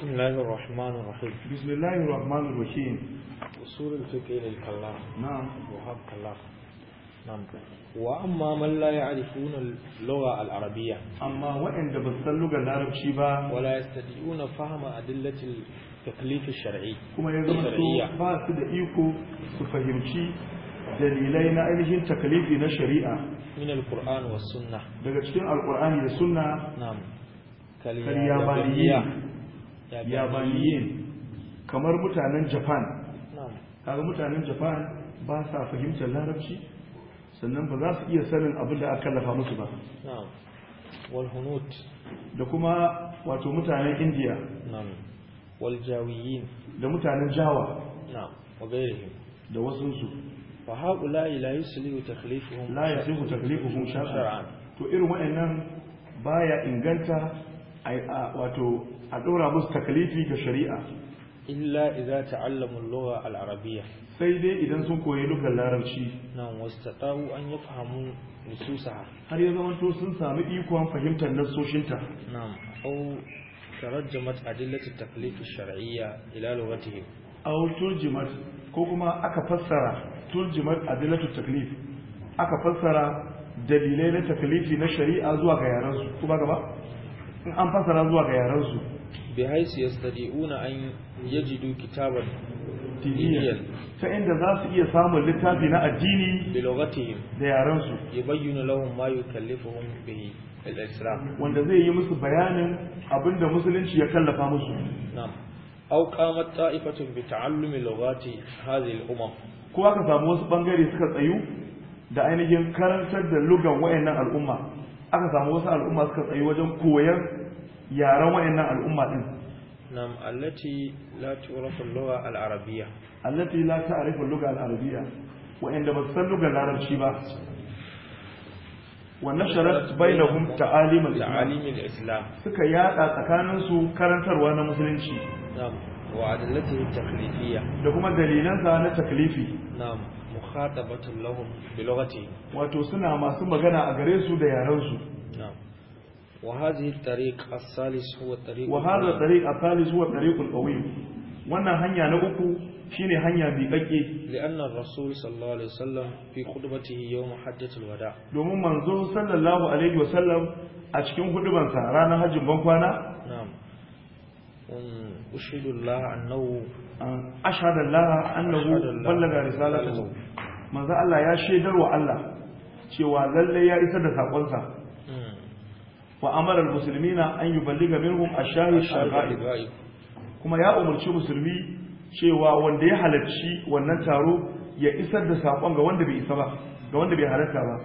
بسم الله الرحمن الرحيم بسم الله الرحمن الرحيم أصول الفقه للكلام نعم وهاب كلام نعم وأما من لا يعرفون اللغة العربية أما وإن دبست اللغة العربية با ولا يستطيعون فهم أدلة التكليف الشرعي كما يزمن باس دقيقو تفهمشي dalilai na ainihin takalifi na shari'a min alquran was sunna daga cikin alqurani da sunna na'am kaliyabaliya yabaniyin kamar mutanen japan kaga mutanen japan ba sa fahimtar larabci sannan ba za su iya sanin abin da aka lafa musu ba da kuma wato mutanen indiya waljawiyin da mutanen jawa da wasunsu fa haƙula ila yi suliyu taklifuhun la ya suliyu taklifuhun shashara'an to irin wa'annan baya inganta wato a ɗora musu takalifi ga shari'a illa idza ta'allamu al-lugha al-arabiyya sai dai idan sun koyi lugar larabci nan wastata'u an yafhamu nususaha har ya to sun samu ikon fahimtar nassoshinta na'am au tarajjamat adillat at-taklif ash-shar'iyya ila lughatihim au turjimat ko kuma aka fassara turjimat adillat at-taklif aka fassara dalilai na taklifi na shari'a zuwa ga yaran su kuma gaba in an fassara zuwa ga yaran su bi haisu yastadi'una an yajidu ta inda za su iya samun littafi na addini bi lughatihim da yaran su bihi al-islam wanda zai yi musu bayanin abinda musulunci ya kallafa musu na'am aw qamat ta'ifatun bi ta'allumi lughati hadhihi al-umam ko aka samu wasu bangare suka tsayu da ainihin karantar da lugan wayannan al'umma aka samu wasu al'umma suka tsayi wajen koyar yaran wayannan al'umma din nam allati la tu'rafu al-lugha al-arabiyya allati la ta'rifu al-lugha al-arabiyya inda ba san lugar larabci ba wa nasharat bainahum ta'alim al-islam suka yada tsakanin su karantarwa na musulunci nam wa adallatihi taklifiyya da kuma dalilan sa na taklifi nam mukhatabatu lahum bi lughati wato suna masu magana a gare su da yaran su nam وهذه الطريق الثالث هو الطريق وهذا الطريق الثالث هو wannan hanya na uku shine hanya bi bakke li'anna rasul sallallahu alaihi wasallam fi khutbatihi yawm hajjatul wada domin manzo sallallahu alaihi wasallam a cikin hudubansa ranar hajjin ban kwana na'am ushidu Allah annahu ashhadu Allah annahu ballaga risalatahu Allah ya shaidarwa Allah cewa lallai ya isa da saƙonsa. wa amara almuslimina an yuballiga minhum ashahid shaghaib kuma ya umarci musulmi cewa wanda ya halacci wannan taro ya isar da sakon ga wanda bai isa ba ga wanda bai halarta ba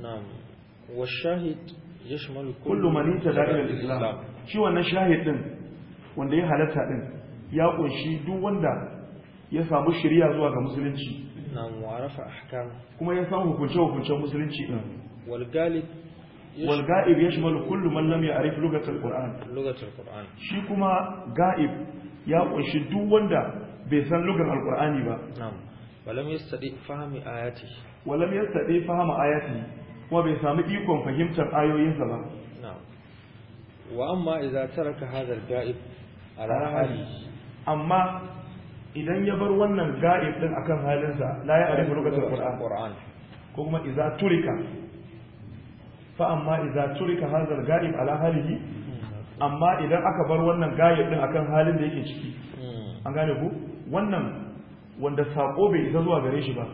na'am wa shahid yashmalu wanda ya halarta din ya kunshi duk wanda ya samu shari'a zuwa ga musulunci na'am wa ahkam kuma ya samu hukunce hukuncen musulunci din wal galib والغائب يشمل كل من لم يعرف لغة القرآن لغة القرآن شي غائب يا قنشي duk wanda bai san lugar alqur'ani ba na'am walam yastadi fahmi ayati walam yastadi fahmi kuma bai samu ikon fahimtar ayoyinsa ba wa amma idza taraka amma idan ya bar wannan ga'ib din akan halinsa la ya arifu lugatul qur'an ko kuma idza turika fa amma idza turika hadzal al-ghaib ala halihi amma idan aka bar wannan gayib din akan halin da yake ciki an gane ku wannan wanda sako bai isa zuwa gare shi ba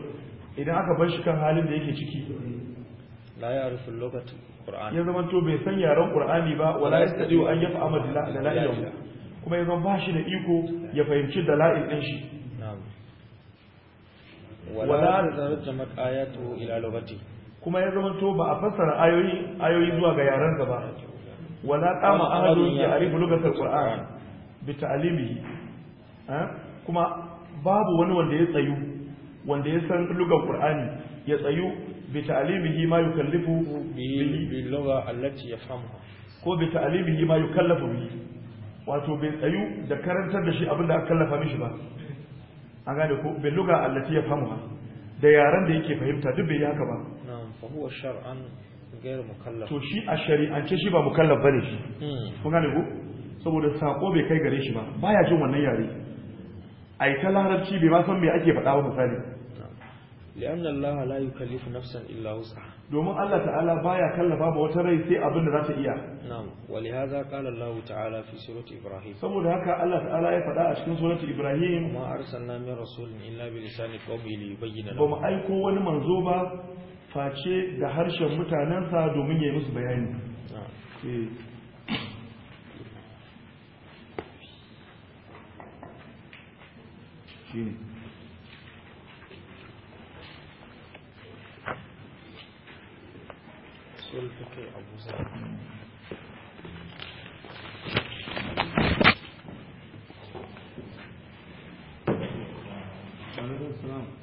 idan aka bar shi kan halin da yake ciki la ya rufu lokacin qur'ani ya zama to bai san yaran qur'ani ba wala yastadi an yaf'ama dalailahu kuma ya zama ba shi da iko ya fahimci dalail din shi wala tarjamat ayatu ila lughati kuma ya zama to ba a fassara ayoyi ayoyi zuwa ga yaran ba wala qama ahadun arifu lugata qur'an bi ta'limihi kuma babu wani wanda ya tsayu wanda ya san lugar qur'ani ya tsayu bi ta'limihi ma yukallifu bi lugha allati yafhamu ko bi ta'limihi ma yukallafu bi wato bai tsayu da karantar da shi abin da aka kallafa mishi ba an gane ko bi lugha allati yafhamu da yaran da yake fahimta duk bai yi haka ba fa huwa shar'an ghayr mukallaf to shi a shari'ance shi ba mukallaf bane shi hmm. kun gane ko saboda sako bai kai gare shi ba baya jin wannan yare ai ta larabci bai ba san me ake faɗa ba misali لأن الله لا يكلف نفسا إلا وسعها domin Allah ta'ala baya kallafa ba wata rai sai abin da za ta iya na'am walihaza qala Allah ta'ala fi surati Ibrahim saboda haka Allah ta'ala ya faɗa a cikin surati Ibrahim ma arsalna min rasulin illa bi lisani qawmi li yubayyana lahum ba mu aiko wani manzo ba face da harshen mutanensa domin ya yi musu bayani Thank you.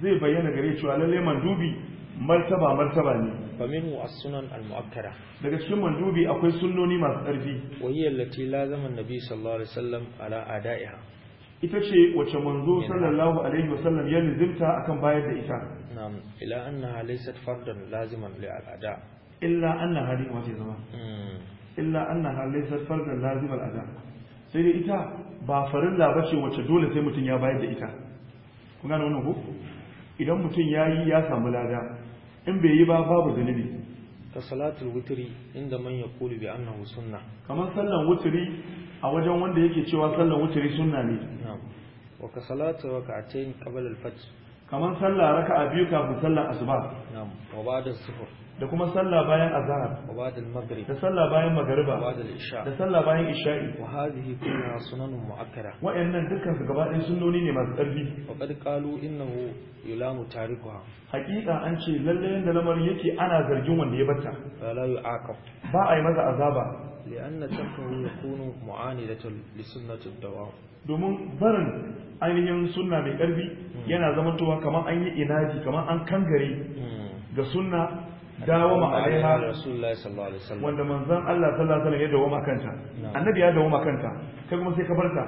zai bayyana gare cewa lalle mandubi martaba martaba ne famin wa sunan al-mu'akkara daga cikin mandubi akwai sunnoni masu ƙarfi wahiyya allati lazama annabi sallallahu alaihi wasallam ala ada'iha ita ce wace manzo sallallahu alaihi wasallam ya lizimta akan bayar da ita na'am ila annaha laysat fardan laziman li al-ada illa annaha din wace zama hmm. illa annaha laysat fardan laziman al-ada sai dai ita ba farilla bace wace dole sai mutun ya bayar da ita kun gane wannan ko idan mutum ya yi ya samu lada in bai yi ba babu zunubi ka salatul wuturi inda man kuli bi annahu sunna kamar sallan wuturi a wajen wanda yake cewa sallan wuturi sunna ne wa ka salatu atayin kabal al-fajr kamar sallah raka'a biyu kafin sallar asuba na'am wa ba'da zuhur da kuma sallah bayan azhar wa ba'da maghrib da sallah bayan magriba wa ba'da isha da sallah bayan isha'i wa hadhihi kullu sunanun mu'akkara wa'annan dukkan su gaba ɗayan sunnoni ne masu ƙarfi wa qad qalu innahu yulamu tarikuha haƙiƙa an ce lalle yanda lamarin yake ana zargin wanda ya bata la yu'aqab ba a yi masa azaba li'anna tarkuhu yakunu mu'anidatan li sunnati ad-dawam domin barin ainihin sunna mai ƙarfi hmm. yana zamantowa kamar an yi inaji kamar an kangare hmm. ga sunna dawama alaiha rasulullahi sallallahu alaihi wasallam wanda manzon Allah sallallahu alaihi wasallam ya dawama kanta annabi ya dawama kanta kai kuma sai ka bar ta.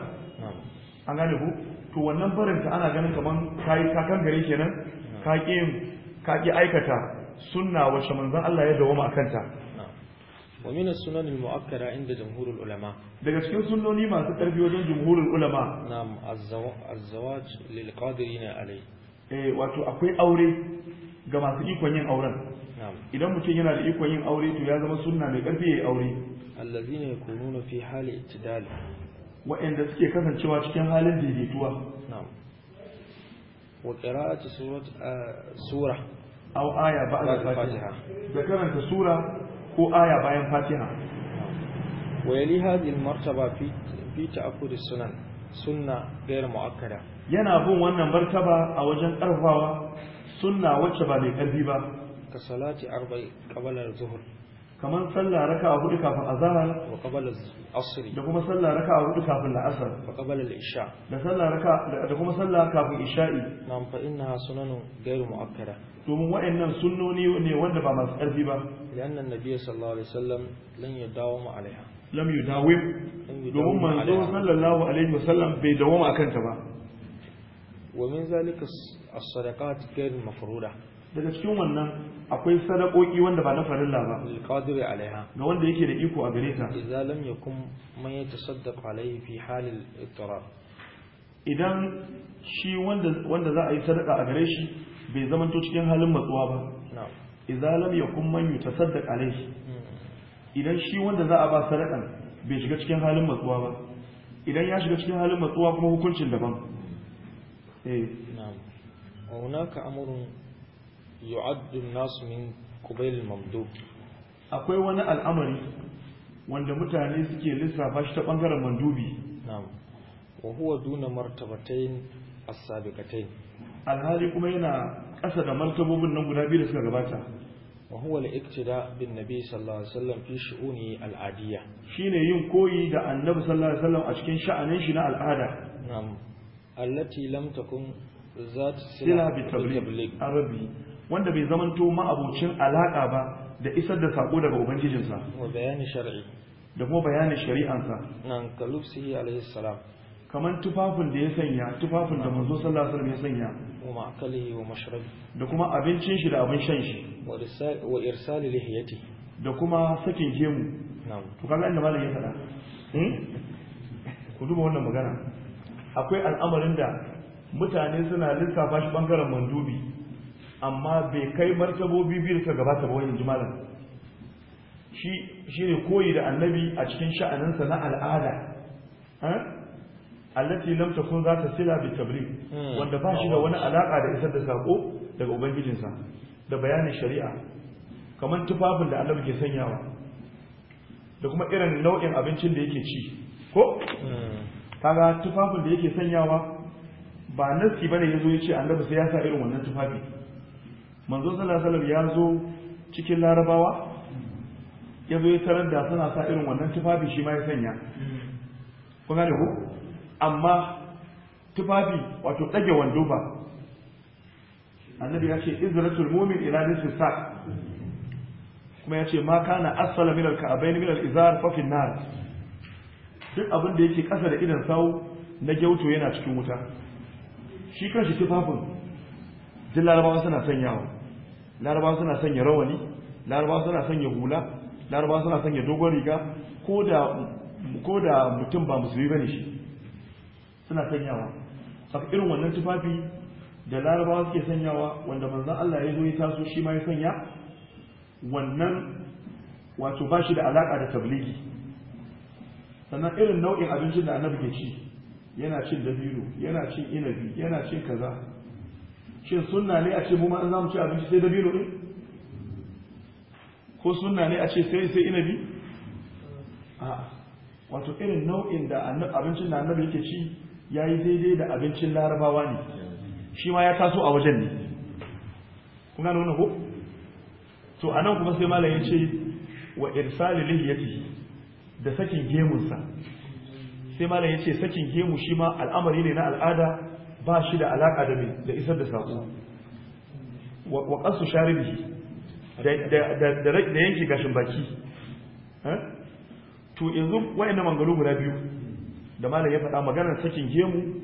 an gane ku to wannan barinta ana ganin kaman kai kan gare kenan ka ki ka ki aikata sunna wacce manzon Allah ya dawama kanta wa min as-sunan al-mu'akkara inda jumhur ulama daga cikin sunnoni masu tarbi wajen jumhur ulama na'am az-zawaj lil qadirin alai eh wato akwai aure ga masu ikon yin auren idan mutum yana da ikon yin aure to ya zama sunna mai karfi yayi aure allazina yakununa fi hali ittidal wa'anda suke kasancewa cikin halin daidaituwa na'am wa qira'atu surat ah, sura aw aya ba'da fatiha da karanta sura ko aya bayan fatiha wa yali hadhihi martaba fi fi ta'akkud sunan sunna ghayr mu'akkada yana bin wannan martaba a wajen karfawa sunna wacce ba mai karfi ba ka salati arba'i qabla zuhur kamar sallah raka'a hudu kafin azhar wa qabla asr da kuma sallah raka'a hudu kafin la'asar wa qabla isha da kuma sallah kafin isha'i nam fa innaha sunanun ghairu mu'akkada domin wa'annan sunnoni ne wanda ba masu ƙarfi ba lianna annabi sallallahu alaihi wasallam lan yadawamu alaiha lam yudawim domin manzo sallallahu alaihi wasallam bai dawama akan ta ba daga cikin wannan akwai sadakoki wanda ba na farilla ba qadir alaiha ga wanda yake da iko a gare ta idan lam yakun man yatasaddaq alaihi fi hal al-ittirab idan shi wanda wanda za a yi sadaka a gare shi bai zama to cikin halin matsuwa ba idan lam yakun man yatasaddaq alaihi hmm. idan shi wanda za a ba sadakan bai shiga cikin halin matsuwa ba idan ya shiga cikin halin matsuwa kuma hukuncin daban eh na'am wa hunaka amrun yu'addun nasu min qubayl mamdub akwai wani al'amari wanda mutane suke lissafa shi ta bangaren mandubi na'am wa huwa duna martabatayn as-sabiqatayn alhali kuma yana kasa da martabobin nan guda biyu da suka gabata wa huwa al-iktida bin nabi sallallahu alaihi wasallam fi shu'uni al-adiyya shine yin koyi da annabi sallallahu alaihi wasallam a cikin sha'anin shi na al'ada na'am allati lam takun zat sila bi tabligh arabi wanda bai zamanto ma'abucin alaƙa ba da isar da saƙo daga ubangijinsa wa bayani shar'i da kuma bayanin shari'ansa nan kalubsi alaihi salam Kamar tufafin da ya sanya tufafin da manzo sallallahu alaihi wasallam ya sanya wa ma'akalihi wa mashrabi da kuma abincin shi da abin shan shi wa irsali lihiyati da kuma sakin gemu to kaga inda malam ya faɗa hmm? ku duba wannan magana akwai al'amarin da mutane suna lissafa shi bangaren mandubi amma bai kai martabobi biyu ka gabata ba wani jimalin shi ne koyi da annabi a cikin sha'aninsa na al'ada allati lam takun za ta sila bi tabri hmm. wanda ba shi da wani alaka da isar da sako daga ubangijinsa da bayanin shari'a kamar tufafin da annabi ke sanyawa da kuma irin nau'in abincin da yake ci ko hmm. kaga tufafin da yake sanyawa ba nasi bane yazo yace annabi sai ya sa irin wannan tufafi manzo sallallahu ya zo cikin larabawa ya zo ya tarar da suna sa irin wannan tufafi shi ma ya sanya kun gane ko amma tufafi wato dage wando ba annabi ya ce izratul mu'min ila nisfi sa kuma ya ce ma kana asfala min al-ka'bayn min al-izar fa fi nar duk abin da yake kasa da idan sau na gyauto yana cikin wuta shi kanshi tufafin jin larabawa suna sanyawa laraba suna sanya rawani laraba suna sanya hula laraba suna sanya dogon riga ko da mutum ba musulmi bane shi suna sanyawa saka irin wannan tufafi da larabawa suke sanyawa wanda manzan Allah ya zo ya taso shi ma ya sanya wannan wato ba shi da alaka da tabligi sannan irin nau'in abincin da annabi ke ci yana cin dabino yana cin inabi yana cin kaza shin sunna ne a ce mu ma an zamu ci abinci sai dabino din ko sunna ne a ce sai sai inabi a wato irin nau'in da abincin da annabi yake ci yayi daidai da abincin larabawa ne shi ma ya taso a wajen ne Kuna gane wannan ko to anan kuma sai malam ya ce wa irsali lihiyati da sakin gemunsa sai malam ya ce sakin gemu shi ma al'amari ne na al'ada ba shi da alaƙa da mai da isar da saƙo wa ƙasu sharibi da yanke gashin baki to yanzu wayan nan mangaro guda biyu da malam ya faɗa maganar sakin gemu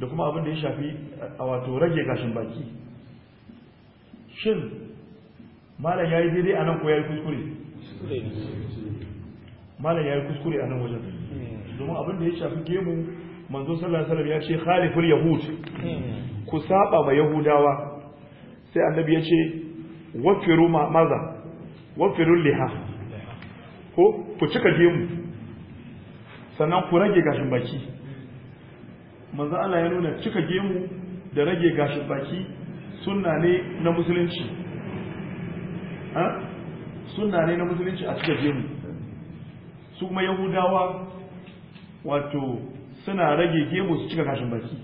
da kuma abin da ya shafi a wato rage gashin baki shin malam ya yi daidai a nan ko ya yi kuskure malam ya yi kuskure a nan wajen domin abin da ya shafi gemu manzo sallallahu alaihi wasallam ya ce khaliful yahud ku saba ma yahudawa sai annabi ya ce wafiru ma maza wafiru liha ko ku cika gemu sannan ku rage gashin baki manzo Allah ya nuna cika gemu da rage gashin baki sunna ne na musulunci ha sunna ne na musulunci a cika gemu su kuma yahudawa wato suna rage gemu su cika gashin baki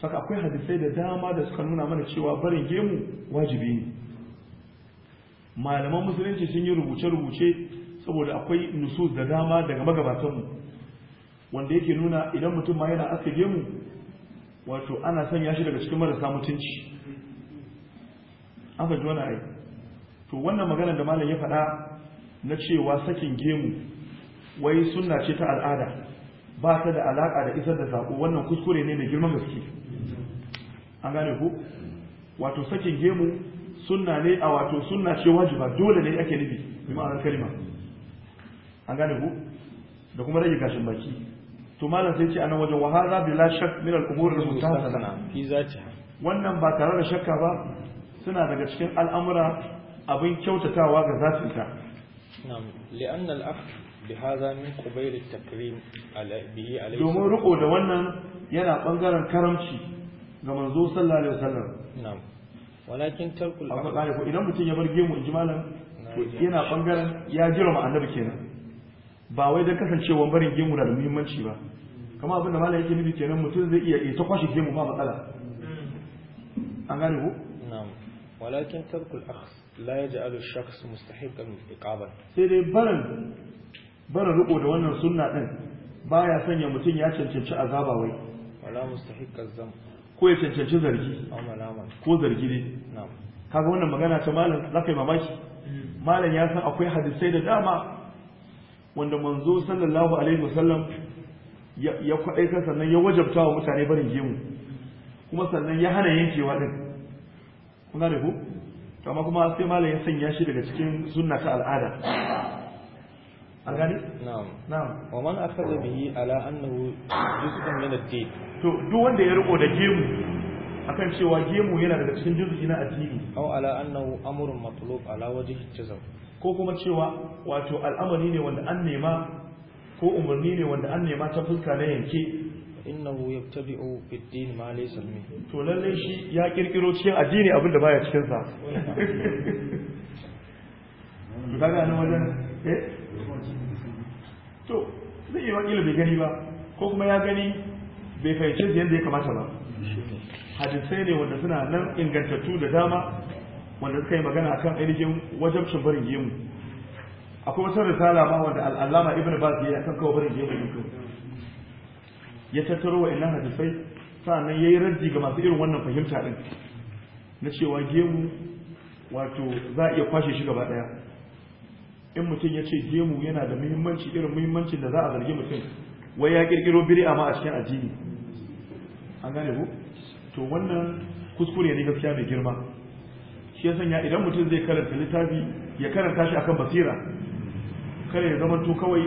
saka akwai hadisai da dama da suka nuna mana cewa barin gemu wajibi ne malaman musulunci sun yi rubuce-rubuce saboda akwai nusus da dama daga magabatanmu wanda yake nuna idan mutum ma yana aske gemu wato ana sanya shi daga cikin marasa mutunci an fahimci wani ai to wannan magana da malam ya faɗa na cewa sakin gemu wai sunna ce ta al'ada ba ta da alaka da isar da sako wannan kuskure ne mai girman gaske an gane ku wato sakin gemu sunna ne a wato sunna ce wajiba dole ne ake nufi bi ma'anar kalima an gane ku da kuma rage gashin baki to malam sai ce anan wajen wahala bila shak min al umur al mutasana fi zati wannan ba tare da shakka ba suna daga cikin al'amura abin kyautatawa ga zatinta na'am li'anna al بهذا من قبيل التكريم به عليه domin ruko da wannan yana bangaren karamci ga manzo sallallahu alaihi wasallam na'am walakin tarkul amma kare ko idan mutum ya bar gemu in ji yana bangaren ya jira ma annabi kenan ba wai da kasancewa barin gemu da muhimmanci ba kama abin da malam yake nufi kenan mutum zai iya ita kwashe gemu ba matsala an gane ko na'am walakin tarkul akhs la yaj'alu ash-shakhs mustahiqan iqaban sai dai barin bara riko da wannan sunna din baya sanya mutum ya cancanci azaba wai wala mustahiq azam ko ya cancanci zargi ko zargi ne kaga wannan magana ta malam zakai yi mamaki hmm. malam ya san akwai hadisai da dama wanda manzo sallallahu alaihi wasallam ya kwaɗaita sannan ya wajabta wa mutane barin gemu kuma sannan ya hana yankewa ɗin kuna da ku amma kuma sai malam ya sanya shi daga cikin sunna ta al'ada an gani na'am na'am a man akhadha yi ala annahu juz'un min ad-din to duk wanda ya riko da gemu akan cewa gemu yana daga cikin jisuki na addini aw ala annahu amurin matlub ala wajhi jazm ko kuma cewa wato al'amari ne wanda an nema ko umarni ne wanda an nema ta fuska na yanke innahu yabtadi'u bid-din ma laysa min to lalle shi ya kirkiro cikin addini abin da baya cikin sa daga nan wajen eh to zai iya wakila bai gani ba ko kuma ya gani bai fahimci yadda ya kamata ba hadisai ne wanda suna nan ingantattu da dama wanda suka yi magana kan ainihin wajen barin gemu akwai wata risala ma wanda al'allama ibn baz ya kan kawo barin gemu ne ya tattaro wa'annan hadisai ya yi raddi ga masu irin wannan fahimta ɗin. na cewa gemu wato za a iya kwashe shi gaba ɗaya. in mutum ya ce gemu yana da muhimmanci irin muhimmancin da za a zargi mutum wai ya kirkiro biri ma a cikin addini an gane ku to wannan kuskure ne gaskiya mai girma shi ya sanya idan mutum zai karanta littafi ya karanta shi akan basira kada ya zama to kawai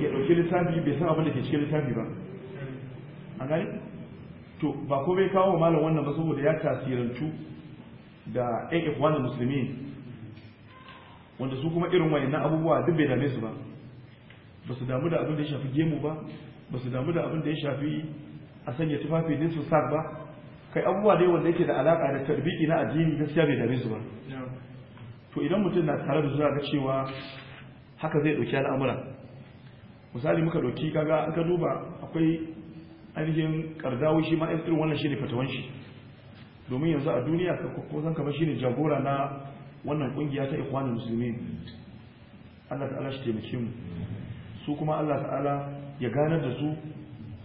ya ɗauki littafi bai san abin da ke cikin littafi ba an gane to ba ko bai kawo malam wannan ba saboda ya tasirantu da 'Yan-Yan ikwanin musulmi wanda su kuma irin wayannan abubuwa duk bai dame su ba ba su damu da abin da ya shafi gemu ba ba su damu da abin da ya shafi a sanya tufafi ne su sak ba kai abubuwa dai wanda yake da alaka da tarbiki na addini gaskiya bai dame su ba to idan mutum na tare da su ga cewa haka zai dauki al'amura misali muka dauki kaga an ka duba akwai ainihin kardawu shi ma irin wannan shine fatawan shi domin yanzu a duniya ka ko zan kama shi shine jagora na wannan kungiya ta ikwani musulmi Allah ta'ala shi taimake mu su kuma Allah ta'ala ya ganar da su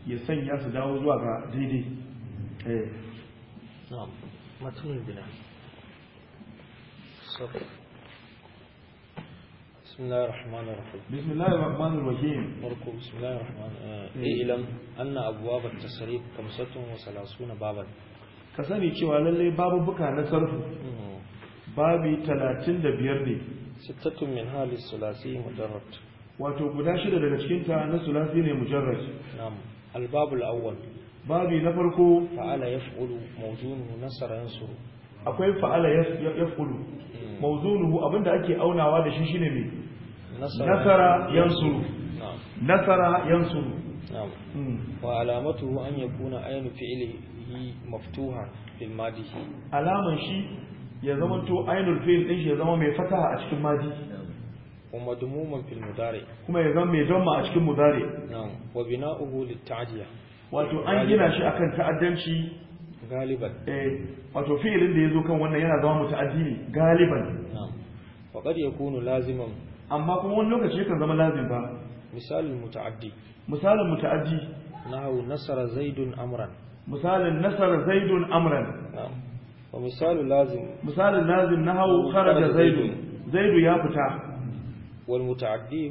ya sanya su dawo zuwa ga daidai eh na'am matun bila sabr بسم الله الرحمن الرحيم بسم الله الرحمن الرحيم مركو بسم الله الرحمن اعلم أن أبواب التصريف خمسة وثلاثون بابا كسني cewa lalle babu buka na sarfu mm. babi talatin da biyar ne sittatun min hali sulasi mujarrad wato guda shida daga cikinta na sulasi ne mujarrad na'am albabul awwal babi na farko fa'ala yaf'ulu mawzunuhu nasara yansuru akwai fa'ala yaf'ulu hmm. mawzunuhu abinda ake aunawa da shi shine me nasara yansuru nasara yansuru hmm. wa alamatuhu an yakuna aynu fi'lihi maftuha bil madi alaman shi ya zama to ainul fil din shi ya zama mai fataha a cikin madi wa madmuman fil mudari kuma ya zama mai damma a cikin mudari na'am wa bina'uhu lit ta'diya wato an gina shi akan ta'addanci galiban eh wato fi'ilin da yazo kan wannan yana zama muta'addi ne galiban na'am wa qad yakunu laziman amma kuma wani lokaci kan zama lazim ba misalul muta'addi misalul muta'addi nahu nasara zaidun amran misalin nasara zaidun amran na'am ومثال لازم lazim لازم نهو خرج زيد zaidu يا ya fita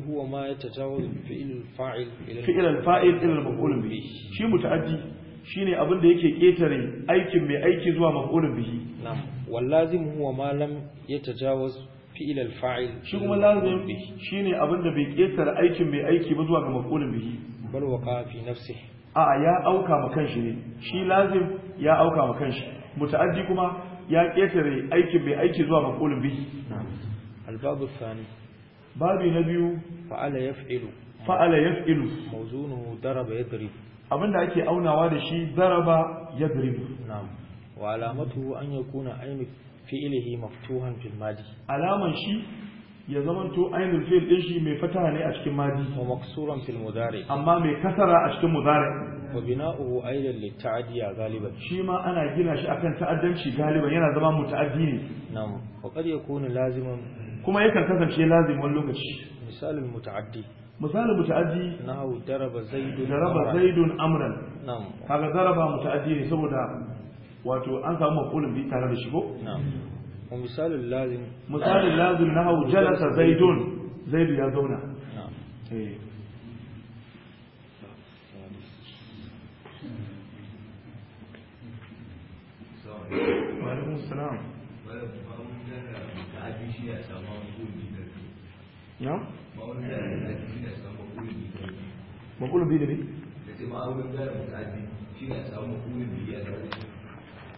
هو ما يتجاوز ma الفاعل الى فعل الفاعل الى المفعول به شي متعدي shi shine abin da yake ketare aikin mai aiki zuwa maf'ul bihi na'am wal lazim huwa ma lam yatajawaz fi'l al fa'il shi kuma lazim shine abin da bai ketare aikin mai aiki ba zuwa ga maf'ul bihi bal waqa fi nafsihi a ya auka ma kanshi ne shi lazim ya auka ma kanshi muta'addi kuma ya ketare aikin mai aiki zuwa maqulun bihi الباب الثاني باب نبي فعل يفعل فعل يفعل موزونه ضرب يضرب abin da ake aunawa da shi daraba yadrib na'am wa alamatu an yakuna ainu fi'lihi maftuhan fil madi alaman shi ya zamanto ainihin fi'l din shi mai fataha ne a cikin madi wa maksuran fil mudari amma mai kasara a cikin mudari wa bina'uhu aidan lit ta'diya galiban shi ma ana gina shi akan ta'addanci galiban yana zama muta'addi ne na'am wa qad yakunu laziman kuma yakan kasance lazim wani lokaci misalul muta'addi misalul muta'addi nahu daraba zaidun daraba zaidun amran na'am kaga daraba muta'addi ne saboda wato an samu mafulin bi tare da shi ko na'am misalin lazim misalin lazim na hau jalasa zaidun zaidu ya zauna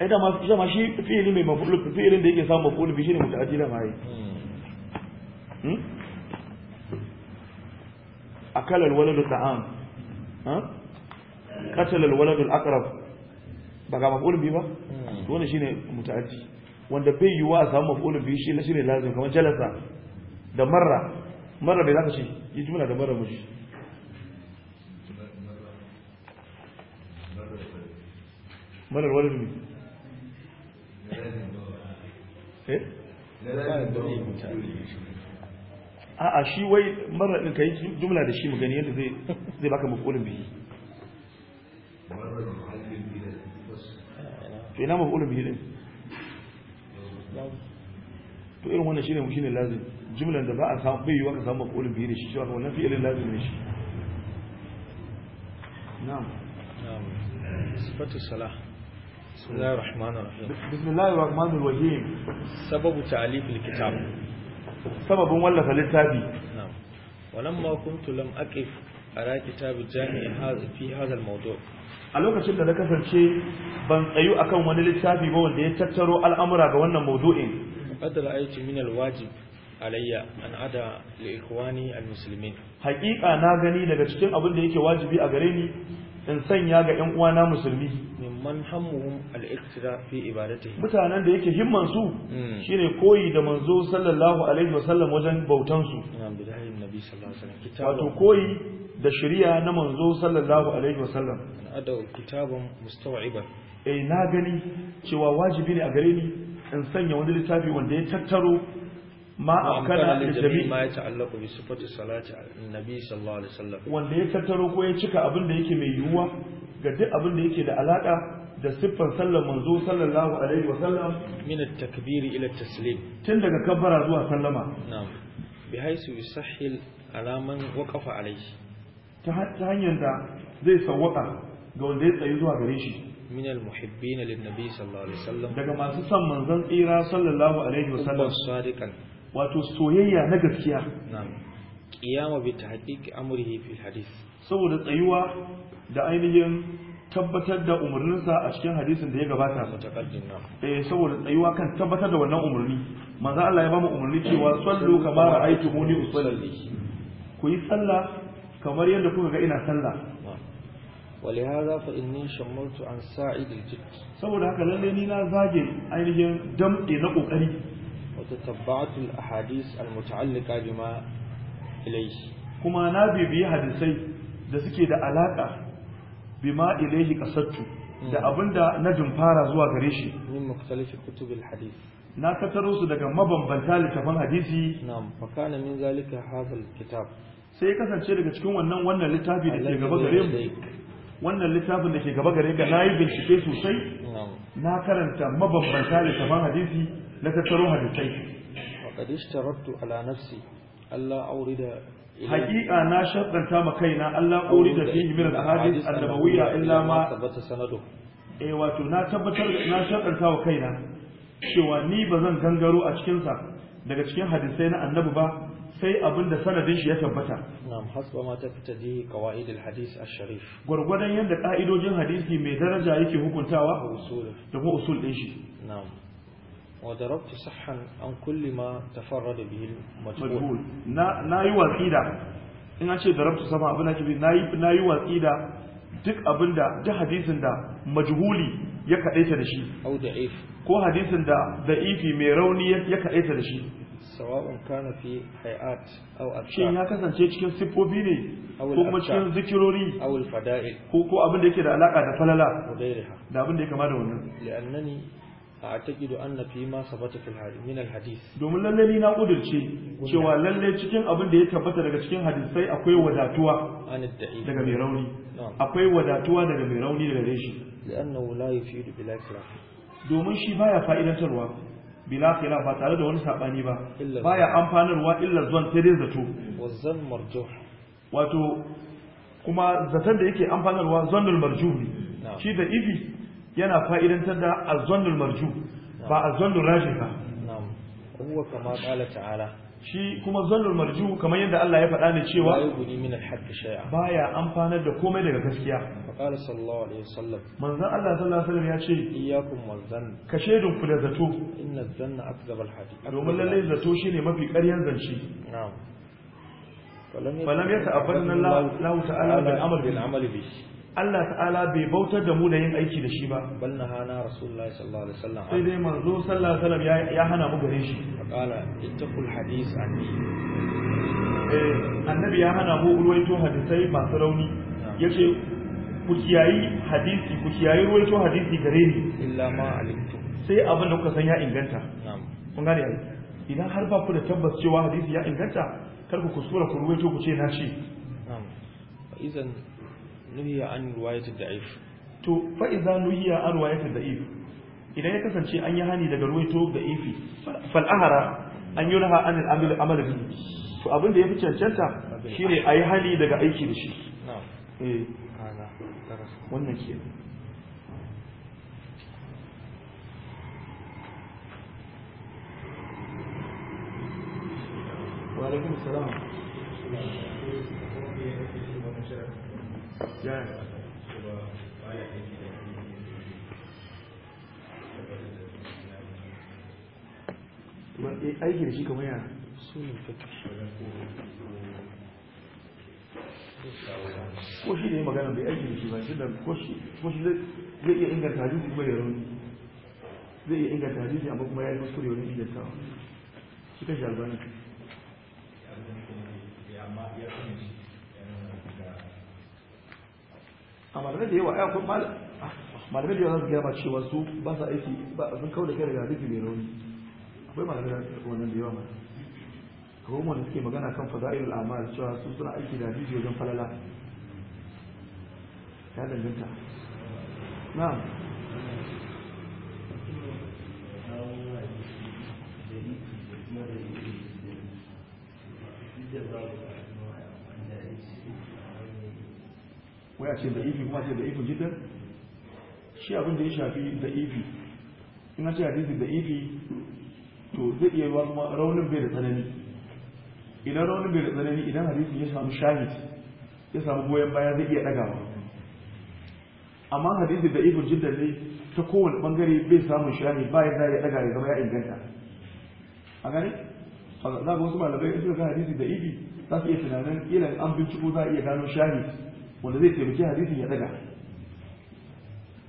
ai da ma zama shi fi'ili mai mafulu fi'ilin da yake samu mafulu bi shine mutaaddi da mai hmm. hmm? akala alwaladu ta'am katala alwaladu alaqrab ba ga mafulu bi ba to hmm. wannan shine mutaaddi wanda bai yiwa a samu mafulu bi shi shine lazim kamar jalasa da marra marra bai zaka ce yi jumla da marra mushi marar walidu eh a'a shi wai marar ɗin ka yi jumla da shi mu gani yadda zai baka mafulin bihi to ina mafulin bihi din to irin wannan shine shine lazim jumlan da ba a samu bai yiwa ka samu mafulin bihi da shi shi wannan fi'ilin lazim ne shi na'am na'am sifatu salah بسم الله الرحمن الرحيم بسم الله الرحمن الرحيم سبب تعليف الكتاب سبب ولف للتابي نعم ولما كنت لم أقف على كتاب a lokacin da na kasance ban tsayu akan wani littafi ba wanda ya tattaro al'amura ga wannan maudu'in qadra aiti min alwajib alayya an ada li ikhwani almuslimin haqiqa na gani daga cikin abin da yake wajibi a gare ni in sanya ga 'yan uwana musulmi man hammuhum al fi ibadatihi mutanen da yake himman su hmm. shine koyi da manzo sallallahu alaihi wasallam wajen bautan su bidayin nabi sallallahu alaihi wasallam wato koyi da shari'a na manzo sallallahu alaihi wasallam ada kitabun eh na gani cewa wajibi ne a gare ni in sanya wani littafi wanda ya tattaro ma amkana da jami'i ma bi sifati salati sallallahu alaihi wasallam wanda ya tattaro ko ya cika abin da yake mai yiwuwa ga duk abin da yake da alaka da siffar sallar manzo sallallahu alaihi wa sallam min at-takbir ila at-taslim tun daga kabbara zuwa sallama na'am bi haisu yusahhil alaman waqafa alaihi ta hanyar da zai sawwaka ga wanda ya tsayi zuwa gare shi min al-muhibbin lin-nabi sallallahu alaihi wa sallam. daga masu son manzon tsira sallallahu alaihi wa wasallam sadiqan wato soyayya na gaskiya na'am qiyama bi tahqiq amrihi fil hadith saboda tsayuwa da ainihin tabbatar da umarninsa a cikin hadisin da ya gabata eh saboda tsayuwa kan tabbatar da wannan umarni manzo Allah ya bamu umarni cewa sallu kama muni usalli ku yi sallah kamar yadda kuka ga ina sallah ولهذا فإني شمرت عن ساعد الجد سبب هكا للي لا زاجل أين دم نقو قري وتتبعت الأحاديث المتعلقة بما إليه كما نابي بي حديثي da suke da alaka bima ilayhi qasadtu da abinda na jumfara zuwa gare shi min mukhtalif kutub alhadith na tattaro su daga mabambanta littafin hadisi na'am fa kana min zalika hadha alkitab sai kasance daga cikin wannan wannan littafi da ke gaba gare mu wannan littafin da ke gaba gare ga na yi bincike sosai na karanta mabambanta littafin hadisi na tattaro hadisai wa qad ishtaratu ala nafsi Allah aurida haqiqa na shaddanta ma kaina Allah qawli da fihi min al-hadith an-nabawiyya illa ma tabbata sanadu eh, wato na tabbatar na shaddanta wa kaina cewa ni zan gangaro a cikinsa daga cikin hadisai na annabi ba sai abin da sanadin shi ya tabbata na'am hasba ma taqtadi qawaid al-hadith ash-sharif gurgurdan yadda ka'idojin hadisi mai daraja yake hukuntawa da kuma usul din shi na'am وضربت صحا عن كل ما تفرد به المجهول na yi watsi da in an ce darabtu sama abin da ke na yi watsi da duk abin da duk hadisin da majhuli ya kaɗaita da shi ko hadisin da da'ifi mai rauni ya kaɗaita da shi sawa'un kana fi hay'at aw afkar shin ya kasance cikin siffofi ne ko kuma cikin zikirori aw al fada'il ko ko abin da yake da alaka da falala da abin da ya kama da wannan li'annani أعتقد أن فيما ثبت في الحديث من hadis. domin lalle ni na kudirce cewa lalle cikin abin da ya tabbata daga cikin hadisai akwai wadatuwa daga mai rauni akwai wadatuwa daga mai rauni daga reshi لأنه لا يفيد بلا خلاف domin shi baya fa'idantarwa bila khilaf ba tare da wani sabani ba baya amfanarwa illa zon sai dai zato wazan marjuh wato kuma zaton da yake amfanarwa zannul marjuh shi da ifi yana fa'idantar da azzannul marju ba azzannul rajih ba kama ta'ala shi kuma zannul marju kamar yadda Allah ya faɗa ne cewa baya amfanar da komai daga gaskiya qala sallallahu alaihi wasallam Allah sallallahu alaihi wasallam ya ce iyyakum wazan ka ku da zato inna zanna domin lallai zato shine mafi ƙaryan zance na'am falam yata'abbanna Allah ta'ala bil amali Allah ta'ala bai bautar da mu da yin aiki da shi ba bal hana rasulullahi sallallahu alaihi wasallam sai dai manzo sallallahu alaihi wasallam ya hana mu gare shi qala ittaqul hadith anni eh annabi ya hana mu ruwaito hadisai masu rauni yace ku kiyayi hadisi ku kiyayi ruwaito hadisi gare ni illa ma alimtu sai abin da kuka san ya inganta kun gane ai idan har ba ku da tabbas cewa hadisi ya inganta kar ku kuskura ku ruwaito ku ce na ce idan nuhiya an ruwayatul da'if to fa idza nuhiya an ruwayatul da'if idan ya kasance an yi hani daga ruwaito da ifi fal ahara an yunha an al amal bihi to abin da yafi cancanta shine ayi hani daga aiki da shi eh wannan ke wa alaikum Eh, aiki da shi kamar ya su ne ko shi ne magana bai aiki da shi ba shi da ko shi zai iya inganta hadisi kuma ya rauni zai iya inganta hadisi amma kuma ya yi kuskure wurin ingantawa shi kan shi albani amma ya sani a malamai da yawa ai akwai malamai da yawa za su gaya cewa su ba aiki ba sun kawo da kai daga mai rauni akwai malamai da wannan da yawa ma wanda suke magana kan fada'ilul amal cewa su suna aiki da hadisi wajen falala ya danganta na'am Thank you. wai a ce da ifi kuma ce da ifin jiddan shi abin da ya shafi da ifi in a ce hadisi da ifi to zai iya ruwa kuma raunin bai da tsanani idan raunin bai da tsanani idan hadisi ya samu shahid ya samu goyon baya zai iya ɗagawa amma hadisi da ifin jiddan ne ta kowane bangare bai samun shahid ba ya ya ɗaga ya zama ya inganta a gani za ga wasu malabai in suka ga hadisi da ifi za su iya tunanin ilan an binciko za a iya gano shahid wanda zai taimaki hadisin ya daga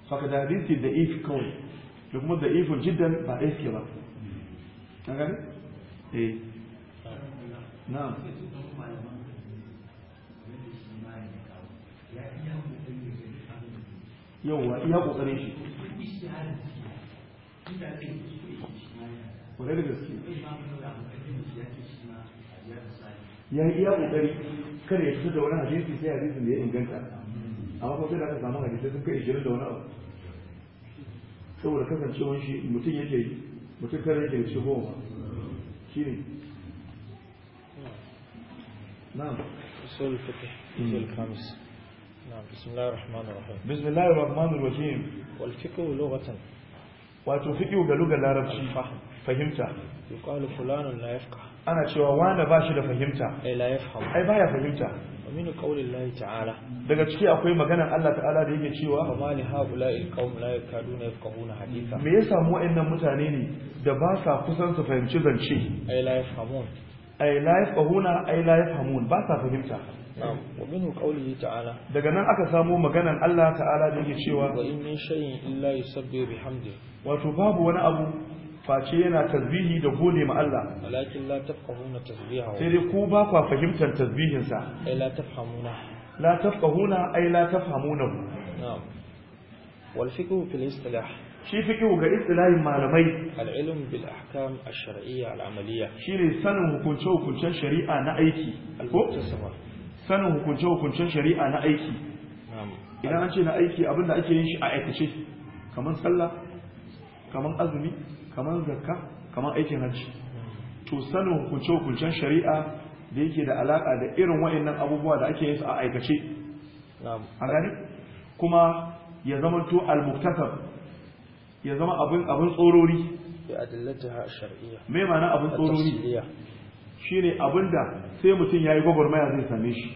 saka da hadisi da if kawai da kuma da ifin jiddan ba ɗaya suke ba ka gani eh na yauwa iya kokarin shi kwarai da gaske ya yi iya ƙoƙari kada ya fito da wani hadisi sai hadisin da ya inganta amma kuma sai da aka samu hadisi sun kai ishirin da wani abu saboda kasancewar shi mutum yake mutum kare yake shi goma shi ne na'am usul na'am bismillahir rahmanir rahim bismillahir rahmanir rahim wal lughatan wato fiqh ga lugar larabci fahimta yuqalu fulanun la yafqa ana cewa wanda ba shi da fahimta ai la yafham ai baya fahimta min layi ta'ala daga ciki akwai maganar Allah ta'ala da yake cewa fa mali haula'il qaum la yakaduna yafqahuna haditha me ya samu wayannan mutane ne da ba sa kusan su fahimci zance ai la yafhamun ai la yafqahuna ai la yafhamun ba sa fahimta wa minhu qawlihi ta'ala daga nan aka samo maganan Allah ta'ala da yake cewa wa in min shay'in illa yusabbihu bihamdi wato babu wani abu face yana tasbihi da gode ma Allah walakin la tafqahuna tasbihahu sai dai ku ba kwa fahimtar tasbihin sa ai la tafhamuna la tafqahuna ai la tafhamuna na'am wal fiqhu fil istilah shi fiqhu ga istilahin malamai al ilm bil ahkam al shar'iyya al amaliyya shine sanin hukunce hukuncen shari'a na aiki ko sanin hukunce hukuncen shari'a na aiki na'am idan an ce na aiki abinda ake yin shi a aikace kamar sallah kamar azumi kamar zakka kamar aikin hajji to sanin hukunce hukuncen shari'a da yake da alaka da irin wa'annan abubuwa da ake yin a aikace a gani kuma ya zama to al-muktasab ya zama abin abin tsorori me ma'ana abin tsorori shine abinda sai mutum yayi gwagwarmaya zai same shi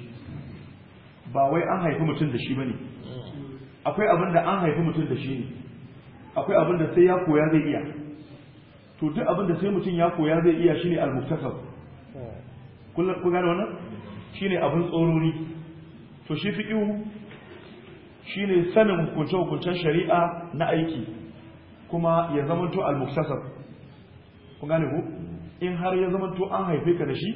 ba wai an haifi mutum da shi bane mm. akwai abinda an haifi mutum da shi ne akwai abinda sai ya koya zai iya to duk abin da sai mutum ya koya zai iya shine al-muktasab kullum ku gane wannan shine abin tsorori to shi fiqhu shine sanin hukunce hukuncen shari'a na aiki kuma ya to al-muktasab ku gane ku in har ya to an haife ka da shi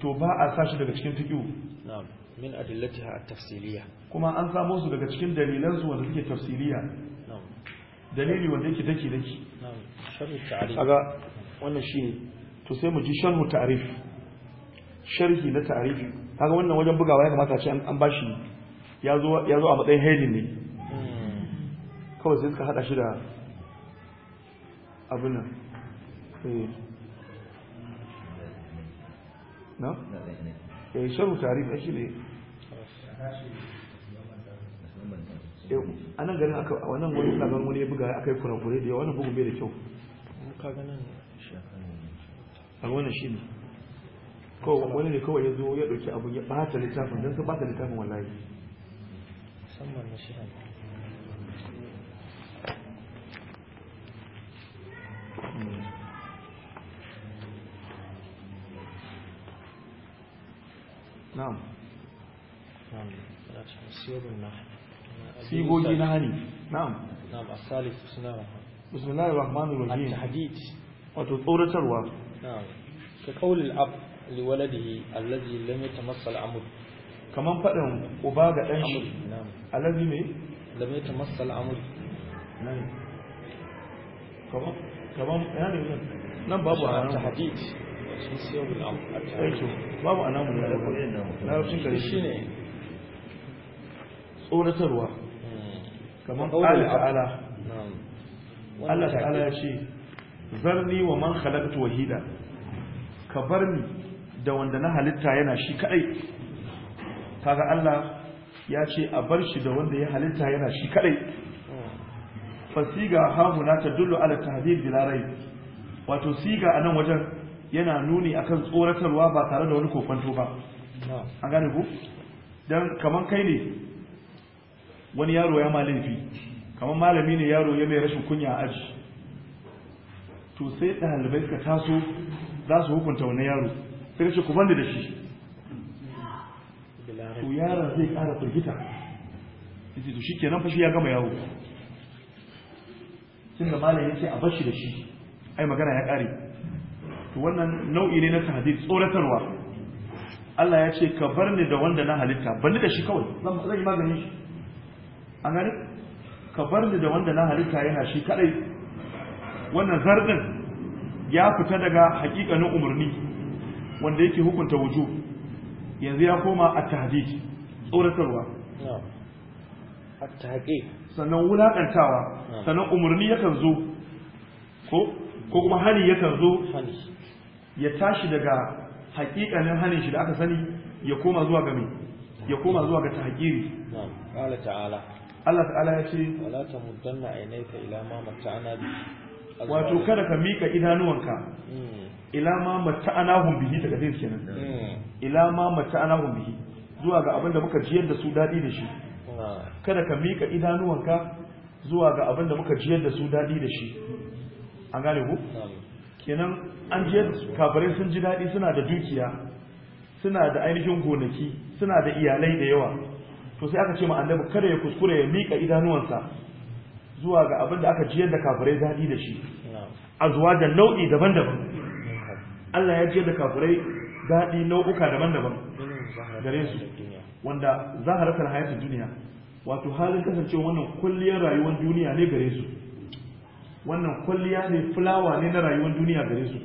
to ba a sashi daga cikin fiqhu na'am min adillatiha at-tafsiliyah kuma an samo su daga cikin dalilan su wanda suke tafsiliya na'am dalili wanda yake daki daki kaga wannan shi to sai mu ji sharhu ta'rif sharhi na ta'arifi. kaga wannan wajen bugawa ya kamata a ce an bashi ya zo ya zo a matsayin haili ne kawai sai suka hada shi da abin nan eh na eh sharhu ta'rif shi ne Eh, a nan garin aka wannan wani labarin wani ya buga aka yi kurakure da yawa bugun bai da kyau a wannan shi ne kawai wani ne kawai ya zo ya ɗauki abu ya ɓata littafin don ka ɓata littafin wallahi musamman na shi sigogi na hani na'am na'am asali bismillahir rahmanir rahim hadid wato tsoratarwa na'am ka qaulil ab li waladihi allazi lam yatamassal amr kaman fadan uba ga dan shi na'am allazi me lam yatamassal amr na'am kaman kaman nan babu a hadid shi sai babu anamu na kare shi ne tsoratarwa kamar ƙali ta'ala Allah ta'ala ya ce zarni wa man halatta wahida ka bar ni da wanda na halitta yana shi kadai kaga Allah ya ce a bar shi da wanda ya halitta yana shi kadai fasiga hahuna tadullu ala tahdid bilarai wato siga a nan wajen yana nuni akan tsoratarwa ba tare da wani kokonto ba an gane ku dan kaman kai ne wani yaro ya ma laifi kamar malami ne yaro ya mai rashin kunya a aji to sai ɗalibai suka taso za su hukunta wani yaro sai ka ce ku da shi to yaron zai ƙara firgita yace to shikenan fashi ya gama yawo da malam ya ce a bashi da shi ai magana ya ƙare to wannan nau'i ne na tahdid tsoratarwa Allah ya ce ka bar ni da wanda na halitta ban da shi kawai zan yi maganin shi an gani ka bar ni da wanda na halitta yana shi kadai wannan zargin ya fita daga hakikanin umarni wanda yake hukunta wuju. yanzu ya koma a tahdid tsoratarwa sannan wulaƙantawa sannan umarni yakan zo ko kuma ya yakan zo ya tashi daga hakikanin hanin shi da aka sani ya koma zuwa game, ya koma zuwa ga tahqiri qala ta'ala Allah ta'ala ya ce wala tamuddanna aynaka ila ma mata'ana bi wato kada ka mika idanuwanka hmm. ila ma hum bihi daga zai kenan hmm. ila ma hum bihi zuwa ga abin da muka jiyar da su dadi da shi kada ka mika idanuwanka zuwa ga abin da muka jiyar da su dadi da shi an gane ku kenan an jiyar kafirai sun ji dadi suna da dukiya suna da ainihin gonaki suna da iyalai da yawa to sai aka ce ma annabi kada ya kuskure ya mika idanuwansa zuwa ga abin da aka jiyar da kafirai daɗi da shi A zuwa da nau'i daban-daban Allah ya jiyar da kafirai daɗi nau'uka daban-daban gare su wanda zaharatar hayatin duniya wato halin kasancewa wannan kwalliyar rayuwar duniya ne gare su wannan kwalliya ne fulawa ne na rayuwar duniya gare su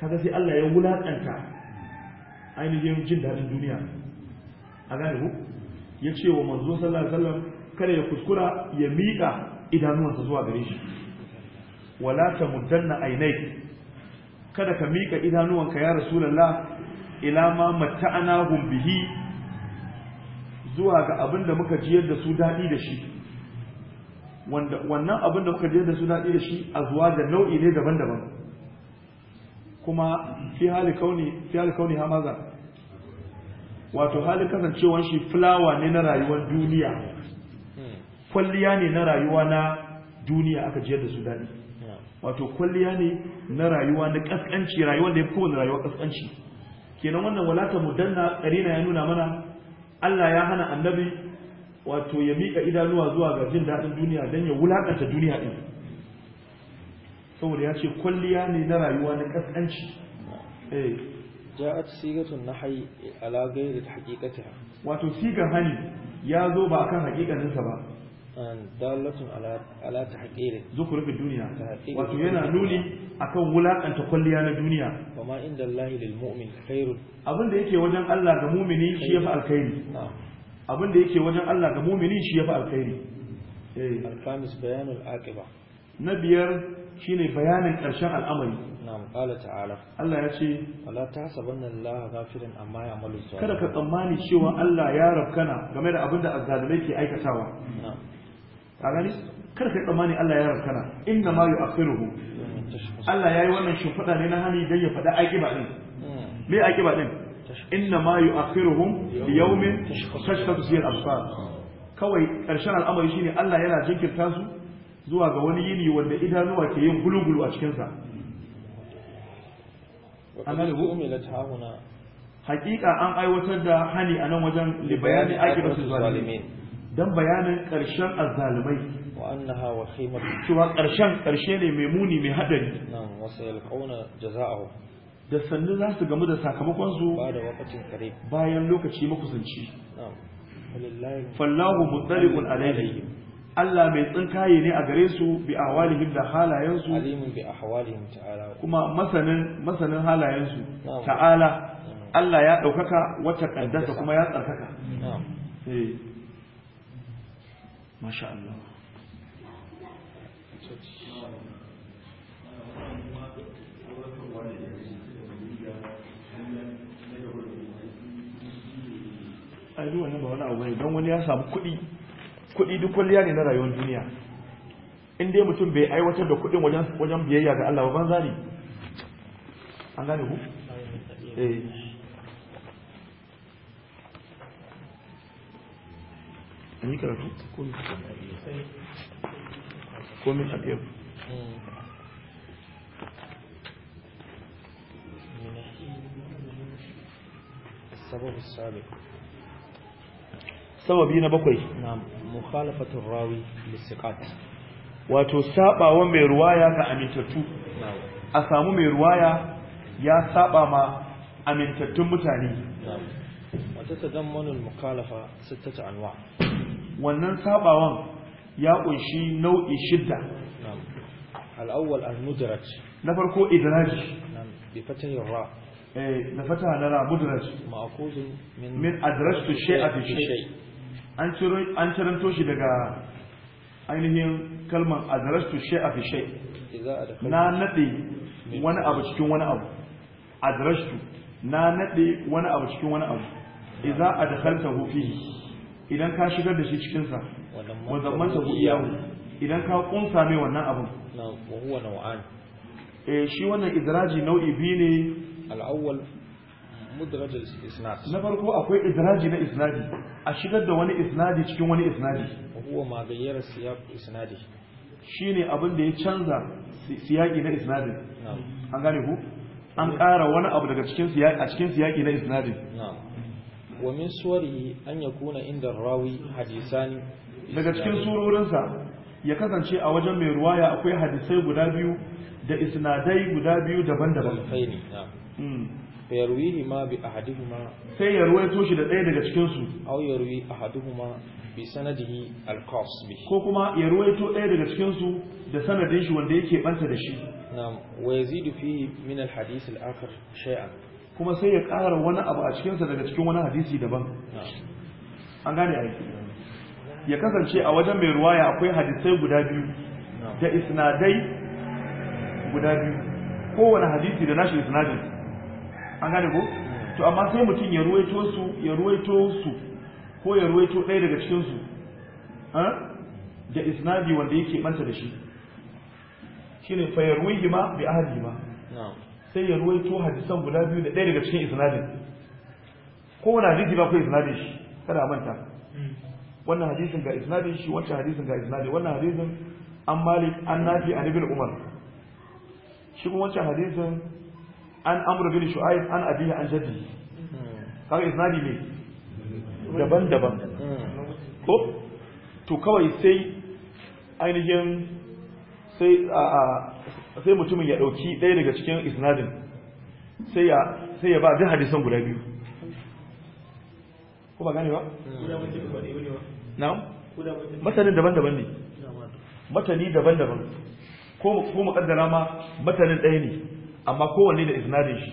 kaga sai Allah ya wulaƙanta ainihin jin daɗin duniya a gane ku ya ce wa manzo sallallahu alaihi wasallam kada ya kuskura ya miƙa idanuwansa zuwa gare shi wala ta muddanna ainai kada ka miƙa idanuwanka ya rasulullah ila ma matta'anahum bihi zuwa ga abin da muka jiyar da su daɗi da shi wannan abin da muka jiyar da su daɗi da shi a zuwa da nau'i ne daban-daban kuma fi hali kauni fi hali kauni hamaza wato hali kasancewar shi fulawa ne na rayuwar duniya kwalliya ne na rayuwa na duniya aka jiyar da su daɗi wato kwalliya ne na rayuwa na ƙasƙanci rayuwar da ya fi kowane rayuwar ƙasƙanci kenan wannan walata mu danna, ƙarina ya nuna mana Allah ya hana annabi wato ya miƙa idanuwa zuwa ga jin daɗin duniya don ya wulaƙanta duniya ɗin saboda ya ce kwalliya ne na rayuwa na ƙasƙanci eh. ja'at sigatun wato sigar hani ya zo ba kan haqiqanin sa ba dalatun ala ala tahqirin zukhruf wato yana nuni akan wulakanta kulliya na duniya kuma inda Allah wajen Allah ga mu'mini shi yafi alkhairi abin da yake shi yafi biyar shine bayanin ƙarshen al'amari na'am qala ta'ala Allah ya ce wala tahsabanna Allah ghafilan amma ya'malu salih kada ka tsammani cewa Allah ya rabkana game da abin da azzalimai ke aikatawa na'am ka gani kada ka tsammani Allah ya rabkana inna ma yu'akhiruhu Allah ya yi wannan shimfiɗa ne na hani dan ya faɗa aƙiba din hmm. me aƙiba din inna ma yu'akhiruhum yawmin tashkhasu fihi al-absar kawai ƙarshen al'amari shine Allah yana jinkirta su zuwa ga wani yini wanda idanuwa ke yin gulugulu a cikinsa Haƙiƙa hakika an aiwatar da hani a nan wajen libayani su zalimi dan bayanin karshen azzalimai wa annaha wakhimatu cewa karshen karshe ne mai muni mai hadari na'am jazaahu da sannu za su gamu da sakamakon su ba da wakatin kare bayan lokaci makusanci na'am fallahu muttaliqun alaihim Allah mai tsinkaye ne a gare su bi ahwalihim da halayensu alimin bi ahwalihim ta'ala kuma masanin masanin halayensu ta'ala Allah ya daukaka wata kaddasa kuma ya tsarkaka eh masha Allah ai ba wani abu don wani ya samu kuɗi kuɗi duk kwalliya ne na rayuwar duniya in dai mutum bai aiwatar da kuɗin wajen biyayya ga Allah ba banza ne an gane ku eh an yi karatu ne a ɗaya السبب السابق sababi na bakwai na mukhalafatu rawi lisiqat wato saba wa mai ruwaya ga amintattu a samu mai ruwaya ya saba ma amintattun mutane wata tadammanu mukhalafa sittatu anwa wannan sabawan ya kunshi nau'i shidda al-awwal al-mudraj na farko idraj bi fatahi ra eh na fata na mudraj ma'khuzun min min adrajtu shay'a fi shay an ciranto shi daga ainihin kalmar azarastu shay'a a shay na naɗe wani abu cikin wani abu azarastu na naɗe wani abu cikin wani abu Iza a idza adkhaltahu fihi idan ka shigar da shi cikinsa, sa wa zamanta hu iyahu idan ka kunsa mai wannan abin. na eh, shi wannan idraji nau'i biyu ne al mudrajul isnad na farko akwai idraji na isnadi a shigar da wani cikin wani isnadi huwa ma abin da ya canza siyaqi na isnadi an gane ku an ƙara wani abu daga cikin a cikin siyaqi na isnadi daga cikin surorinsa ya kasance a wajen mai ruwaya akwai hadisai guda biyu da isnadai guda biyu daban-daban فيرويه ما بأحدهما سيروي توشي da ɗaya daga cikin su a yarwi ma bi sanadihi alqas bi ko kuma to ɗaya daga cikin su da sanadin shi wanda yake banta da shi na'am wa yazidu fihi min alhadith alakhar shay'an kuma sai ya ƙara wani abu a cikin sa daga cikin wani hadisi daban an gane ai ya kasance a wajen mai ruwaya akwai hadisai guda biyu da isnadai guda biyu kowane hadisi da nashi isnadin an gane ko to amma sai mutum ya ruwaito su ya ruwaito su ko ya ruwaito ɗaya daga cikin su eh, da isnadi wanda yake banta da shi shine fa ya yarwihi ma bi ahli ma sai ya ruwaito hadisan guda biyu da ɗaya daga cikin isnadin wani hadisi ba ko isnadin shi kada manta wannan hadisin ga isnadin shi wancan hadisin ga isnadin wannan hadisin an malik an nafi an ibn umar shi kuma wancan hadisin an amru bin shu'aib an abiya an jaddi kaga isnadi ne daban-daban ko to kawai sai ainihin sai sai mutumin ya dauki ɗaya daga cikin isnadin sai ya sai ya ba duk hadisan guda biyu ko ba gane ba na matanin daban-daban ne matani daban-daban ko mu kaddara ma matanin ɗaya ne amma kowanne da isnadin shi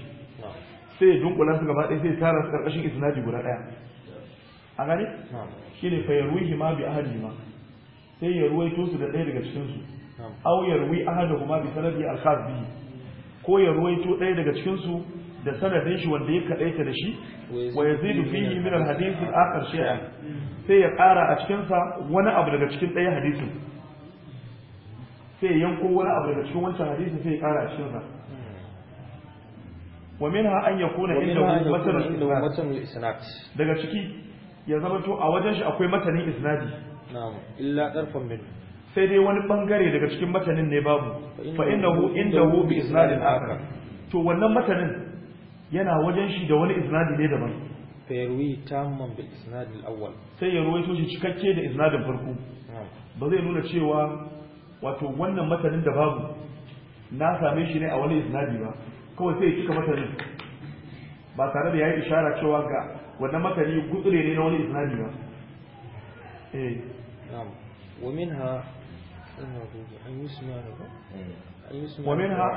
sai ya dunkula su gaba ɗaya sai tara su karkashin isnadi guda ɗaya a gani ne? fa yarwi hima bi ahadi ma sai ya ruwaito su da ɗaya daga cikin su aw yarwi ahaduhuma bi sanadi al-khas bihi ko ya ruwaito ɗaya daga cikin su da sanadin shi wanda ya kaɗaita da shi wa yazidu fihi min al a ƙarshe akhar shay'an sai ya ƙara a cikin sa wani abu daga cikin ɗaya hadisin sai ya yanko wani abu daga cikin wancan hadisin sai ya ƙara a cikin sa wa min minha an yakuna indahu matan al-isnad daga ciki ya zama to a wajen shi akwai matanin isnadi na'am illa qarfan min sai dai wani bangare daga cikin matanin ne babu fa innahu indahu bi isnadin akhar to wannan matanin yana wajen shi da wani isnadi ne daban fa yarwi tamman bil isnad awwal sai ya ruwaito shi cikakke da isnadin farko ba zai nuna cewa wato wannan matanin da babu na same shi ne a wani isnadi ba kawai sai ya cika matanin ba tare da ya yi ishara cewa ga wannan matani gutsure ne na wani isnadi ba eh ومنها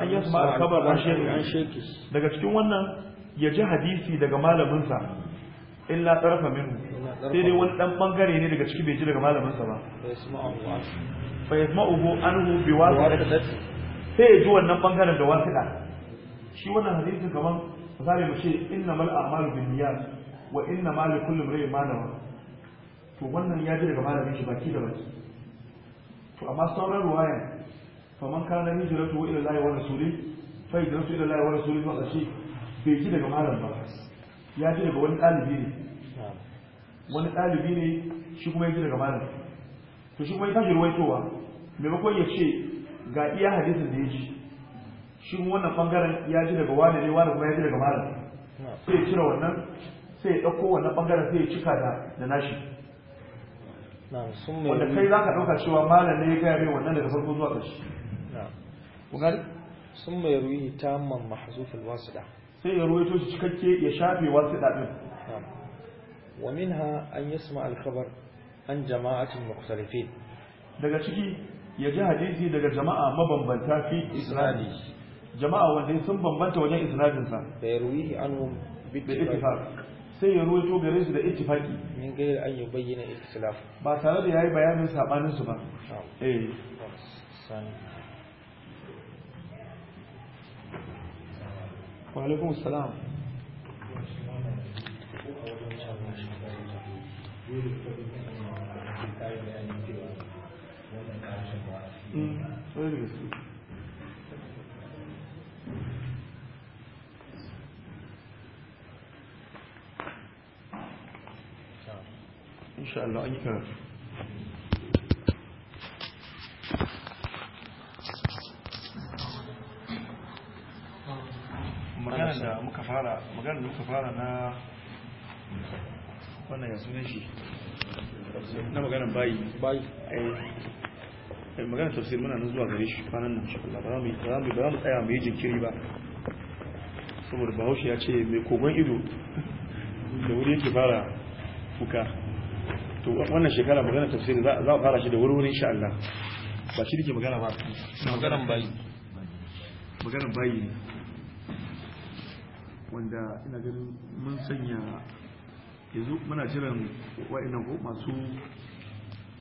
an أن يسمع الخبر an شيخه daga cikin wannan ya ji hadisi daga malaminsa illa tarafa minhu sai dai wani dan bangare ne daga ciki bai ji daga malaminsa ba fa yasma'uhu anhu bi wasita sai ya ji wannan bangaren da wasila shi wannan hadisi kaman misali mu ce innamal a'malu niyyat wa innamal likulli imrin ma nawa to wannan ya ji daga malamin shi baki da baki to amma sauran fa man kana hijratu ila Allah wa rasuli fa hijratu ila Allah wa rasuli wa kashi bai ji daga malam ba ya ji daga wani dalibi ne wani dalibi ne shi kuma ya ji daga malam to shi kuma ya wa, ruwaitowa maimakon ya ce ga iya hadisin da ya ji shi wannan bangaren ya ji daga wani ne wani kuma ya ji daga malam sai cire wannan sai ya ɗauko wannan bangaren sai ya cika da da nashi wanda kai za ka ɗauka cewa malam ne ya gaya mai wannan daga farko zuwa ƙarshe sun mai ruwi ta man wasu wasuɗa sai ya ruwaito shi cikakke ya shafe wasuɗa ɗin wa minha an yasma al-khabar an jama'atin mukhtalifin daga ciki ya ji hadisi daga jama'a mabambanta fi isra'ili jama'a wanda sun bambanta wajen isnadinsa da ya yarwihi anhum bi ittifaq sai ya ruwaito gare su da ittifaqi min gairi an yubayyana ikhtilaf ba tare da yayi bayanin sabanin su ba eh wa alaikum assalam Mm, very good. insha Allah an yi karatu maganar da muka fara maganar da muka fara na wannan yanzu ne shi na maganar bayi bayi ai eh, eh, maganar tafsir muna nan zuwa gare shi kwanan nan shi ba mu mu tsaya mu yi jinkiri ba saboda bahaushe ya ce mai kogon ido da wuri yake fara fuka to wannan shekara magana tafsiri za a fara shi da wuri-wuri insha Allah ba shi dake magana ba magana bayi magana bayi wanda ina ganin mun sanya yanzu muna jiran wa'annan masu